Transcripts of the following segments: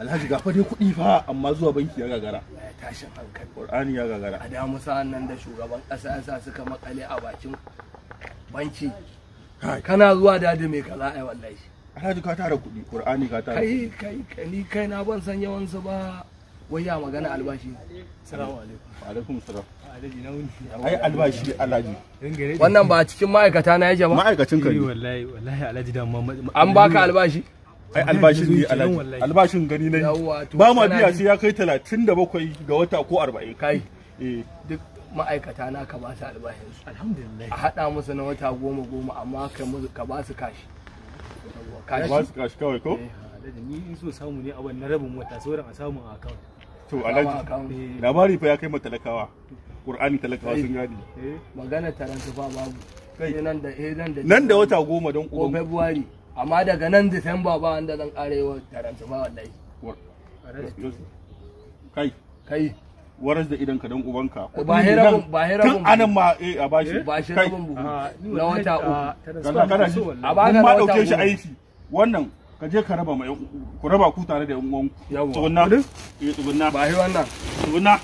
alhaji ga fa dai kuɗi fa amma zuwa banki ya gagara tashin hankali qur'ani ya gagara a da musa nan da shugaban ƙasa ya sa suka makale a bakin banki kana zuwa dadi mai kaza ai wallahi alhaji ka tara kuɗi qur'ani ka tara kai kai kai kai na ban san yawan su ba wai ya magana albashi salamu alaikum alaikum salam ai albashi alhaji wannan ba cikin ma'aikata na yake ba ma'aikacin ka ne wallahi wallahi alhaji da an baka albashi ai albashin ne albashin gani ne ba ma biya sai ya kai 37 ga wata ko 40 kai eh. duk ma'aikata na ka ba su albashin su alhamdulillah a hada musu na wata goma goma amma ka ba su kashi ka ba su kashi kawai ko eh, ni so samu ne a wannan rabin wata sauran a samu a account to alhaji eh. labari fa ya kai talakawa. qur'ani talakawa sun gani magana taranta fa babu nan da wata goma don ko february amma daga nan disamba ba wanda zan kare wa taransu ba wallahi kai kai waras da idan ka dan ubanka ba hirabun ba hirabun tun anan ma eh a bashi eh, ba shi rabun buhu ah, na wata uku kana ah, kana a ba ka dauke shi aiki wannan ka je ka raba mai ku raba ku tare da yan uwan tsugunna eh tsugunna ba hi wannan tsugunna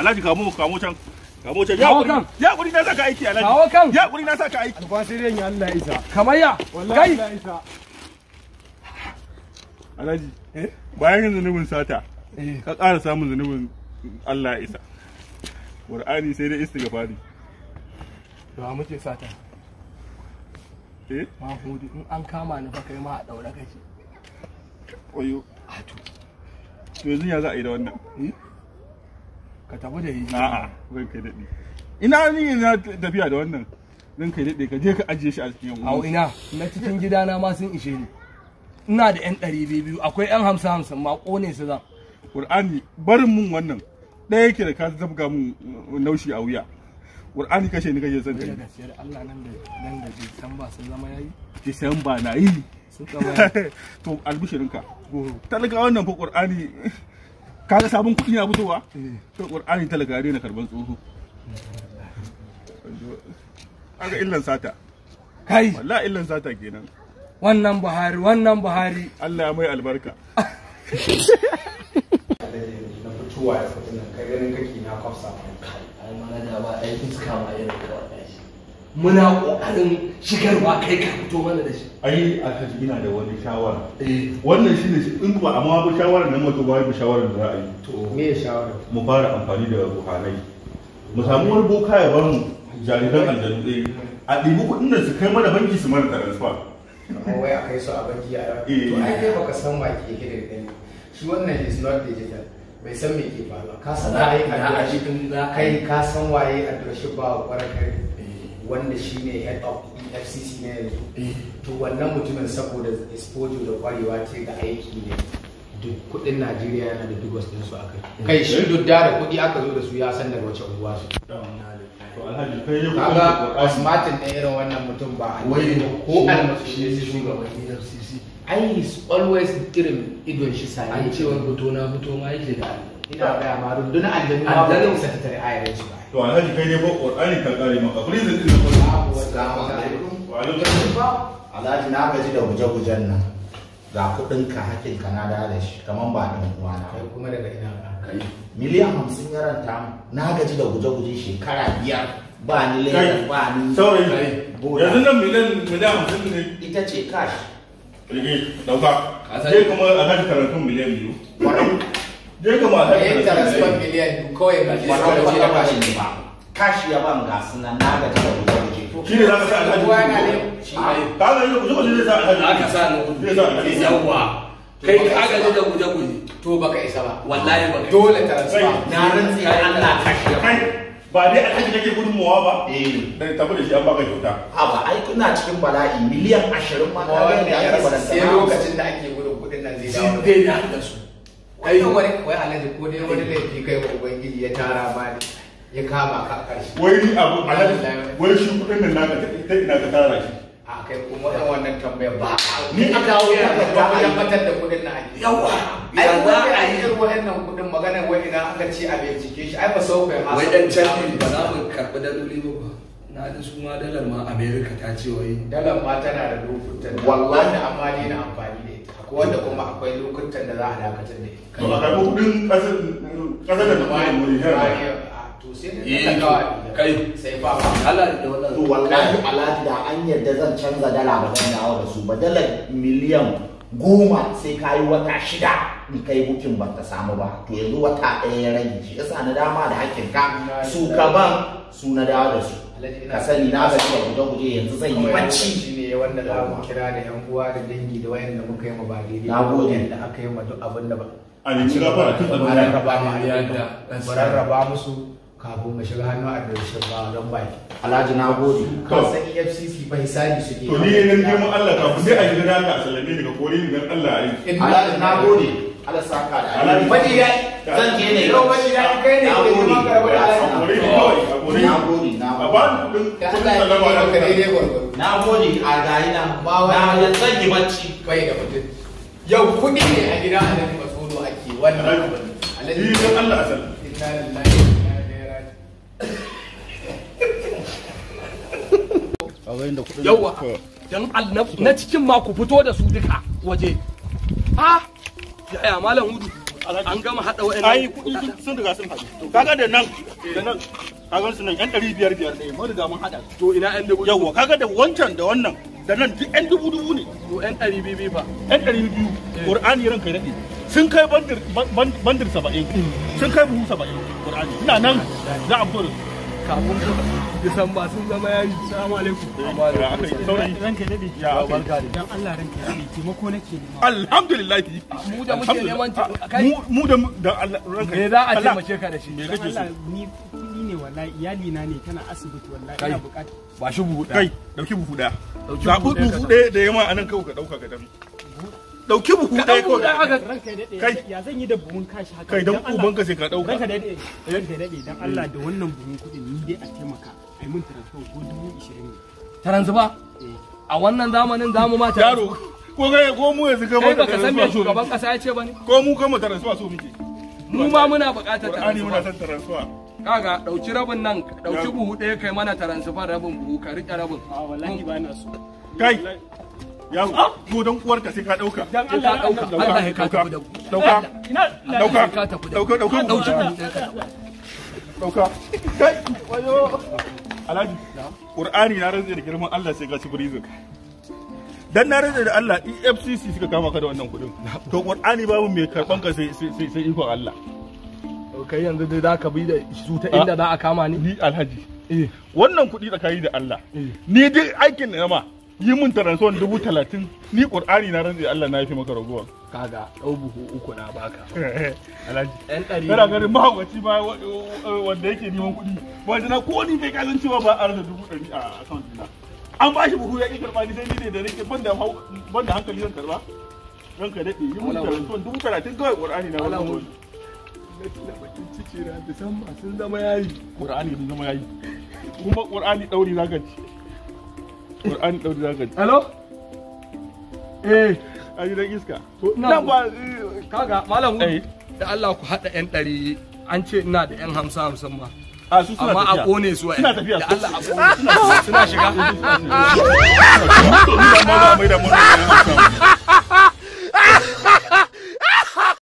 Alhaji ka kamo can Kamo ce ya kan. Ya kuri na saka aiki alaji. Kawo kan. Ya kuri na saka aiki. Ba sai dai Allah ya isa. Kamar ya. Wallahi Allah ya isa. Alaji. Eh? Bayan zunubin sata. Eh. Ka ƙara samun zunubin Allah ya isa. Qur'ani sai dai istighfari. To a muke sata. Eh? Mahmudi in an kama ni fa kai ma a daura kake. Oyo. Ato. To yanzu ya za a yi da wannan? Eh? ka tafi da hijira a'a zan kai daɗi ina ni ina tafiya da wannan zan kai daɗe ka je ka ajiye shi a cikin yanzu a ina na cikin gidana ma sun ishe ni ina da yan ɗari biyu akwai yan hamsin hamsin ma ƙone su zan qur'ani barin mun wannan ɗaya yake da ka zabga mun naushi a wuya qur'ani kashe ni kashe son kai da Allah nan da nan da Disamba sun zama yayi Disamba na yi to albishirinka talaka wannan fa ƙur'ani kaga sabon kuɗi na fitowa eh. to qur'ani talaka ne na karban tsoho kaga illan sata kai wallahi illan sata kenan wannan buhari wannan buhari Allah ya mai albarka na fitowa ya fito nan kai ganin kake na kwafsa ai mana da ba ai fuska ma irin kawai muna ƙoƙarin shigarwa kai ka fito mana da shi ai alhaji ina da wani shawara eh. wannan shine in ba amma ba shawara nan wato ba ba shawara da za a yi to me shawara mu fara amfani da ruhanai mu samu wani boka ya bar mu jariran aljanu ɗaya eh, a ɗibi kuɗin da su kai mana banki su mana transfer amma wai a kai su a banki a to eh. ai kai baka san ma ke gida da shi wannan is not digital bai san me ke faruwa ka san ai a cikin kai ka san waye a doshi ba kwarar wanda shi ne head of e fcc na yanzu eh. to wannan mutumin saboda exposure da kwarewa ce ga aiki ne duk kudin najeriya yana da duk wasu su aka eh. kai shi duk da kudi aka zo da su ya san daga wace unguwa su kaga osmatin na irin wannan mutum ba ko almasu ne su shugabanni e fcc ai always irin idon shi sai cewa fito na fito ma yake da ina gaya ma rundun aljanu ba ba zai sata tare ayarin shi ba to alhaji kai ne ba qur'ani kan kare maka freeze din ko assalamu alaikum wa alaikum ba alhaji na gaji da guje-gujen nan ga kudin ka hakin ka na da shi kaman ba dan uwa na kai kuma daga ina ka kai miliyan 50 ya ranta na gaji da guje-guje shekara biyar ba ni lai ba ni saurayi yanzu nan miliyan miliyan 50 ne ita ce cash rige dauka kai kuma alhaji karantun miliyan biyu je ka mata ka transfer miliyan kawai ka ba ka ba ka shi ba kashi ya ban ga sunan na ga ta rubuta kake shi ne zaka sa alhaji ko yana ne shi ne ka ga yau kuma shi zai sa alhaji aka sa ne zai sa alhaji yawa kai ka ga da guje guje to baka isa ba wallahi baka dole transfer na rantsi Allah kashi ya ba dai alhaji kake gudunmuwa ba eh ta tabbata shi an baka kyauta a ba ai kuna cikin bala'i miliyan 20 ma ka ga ne an bada sai lokacin da ake gudun kudin nan zai dawo zai dawo da su kai wani wai alaji ko dai wani laifi kai wa ubangiji ya tara ma ne ya kama ka karshe wai abu alaji wai shi kudin nan naka ta ina ka tara shi a kai kuma wannan wannan tambayar ba ni a kawo ya ka tabbatar da kudin nan yawa ai ba a yi irin wayannan kudin magana wai ina aka ce a bincike shi ai ba sau kai ma wai dan canji ba za mu karbi daloli ba na ji su ma dalar ma amerika ta ce wai dalar ma tana da lokutan wallahi amma ne na amfani da ita akwai wanda kuma akwai lokutan da za a dakatar da ita kuma ka ko kudin kasar kasar da ba ne wuri har to sai ne eh, kawai kai sai ba Allah da wannan to wallahi alhaji da an yarda zan canza dala ba zan dawo da su ba dalar miliyan goma sai ka yi wata shida ni kai bukin ba ta samu ba to yanzu wata ɗaya ya rage shi yasa na dama da hakinka su ka ban su na dawo da su ka sani na gaji a guje guje yanzu zan yi bacci ne wanda za mu kira da yan uwa da dangi da wayanda muka yi ma ba daidai na gode da aka yi ma duk abin da ba a ne kira ba tun abin da raba ma mu rarraba musu kafin mu shiga hannu a ƙarshen ba don baki alhaji na gode ka san efcc ba sani su ke to ni ne nan mu Allah kafin sai a gidan Allah sallame ni ga kore ni dan Allah a yi alhaji na gode ala saka da alhaji zan je ne yau baji da kai ne na gode ba ni kudin kudin da gaba da kai gwargwaro na gode a gayi na ba na zan yi bacci bai da mutum yau kudi ne a gidan alhaji masoro ake wannan alhaji yi Allah asal inna lillahi yauwa don na cikin mako fito da su duka waje ha yaya malam hudu an gama haɗa wa'annan ai kuɗi sun riga sun haɗu kaga da nan da nan kagan su nan yan ɗari biyar biyar ne mun riga mun haɗa to ina yan dubu yawa kaga da wancan da wannan da nan duk yan dubu dubu ne to yan ɗari biyu biyu fa yan ɗari biyu eh. qur'ani ran kai daɗe sun kai bandir bandir saba'in sun kai buhu saba'in qur'ani ina nan za a fito kafin disamba sun zama yayi assalamu alaikum eh, ran kai daɗe ya barka da dan Allah ran kai daɗe taimako nake nema alhamdulillah mu da muke neman mu da dan Allah ran kai me za a taimake ka da shi me kake so ne wallahi iyali na ne tana asibiti wallahi ina bukata ba shi buhu daya kai dauki buhu daya dauki buhu daya da yamma anan kawai ka dauka ka dami dauki buhu daya kawai kai ya zan yi da buhun kashi haka kai dan uban ka sai ka dauka ranka dade ranka dade dan eh. Allah da wannan buhun kudin ni dai a taimaka ai mun transfer ko dubu 20 ne taranzu ba eh. a wannan zamanin zamu ma ta yaro ko ga ko mu yanzu ga ba ka san me shugaban kasa ya ce bane ko mu kan mu so muke mu ma muna buƙatar taransu muna son taransu kaga dauki rabin nan dauki buhu ɗaya kai mana transfer rabin buhu ka riƙe rabin a wallahi ba na so kai yawo ko ah! don uwar ka sai ka dauka dan Allah dauka Allah ka tafi da ku dauka dauka dauka dauka dauki buhu dauka kai wayo alhaji qur'ani na rantsa da girman Allah sai ga ci prison dan na rantsa da Allah EFCC suka kama ka da wannan kudin to Qur'ani babu mai karban ka sai sai sai ikon Allah kai yanzu dai za ka bi da su ta inda za a kama ni ni alhaji eh. wannan kuɗi tsakani da Allah eh. ni duk aikin na ma yi min taransuwan dubu talatin ni ƙur'ani na rantsi Allah na fi maka ragowar kaga ɗau buhu uku na baka eh, alhaji ɗan ɗari kana ganin mahaukaci ma wanda yake neman kuɗi ba na ko ni bai kazan cewa ba a rasa dubu ɗari a akaunt ɗina an ba shi buhu ya ƙi karɓa ni sai ni ne da rike ban da hankali zan karɓa ranka daɗe yi mun taransuwan dubu talatin kawai ƙur'ani na rantsi na bakin ciki na musamman sun zama yayi qur'ani sun zama yayi kuma qur'ani dauri zaka ci qur'ani dauri zaka ci hello eh a gidan iska to ina ba kaga malam da Allah ku hada yan dari an ce ina da yan hamsa hamsin ma amma a kone su suna da Allah a kone suna shiga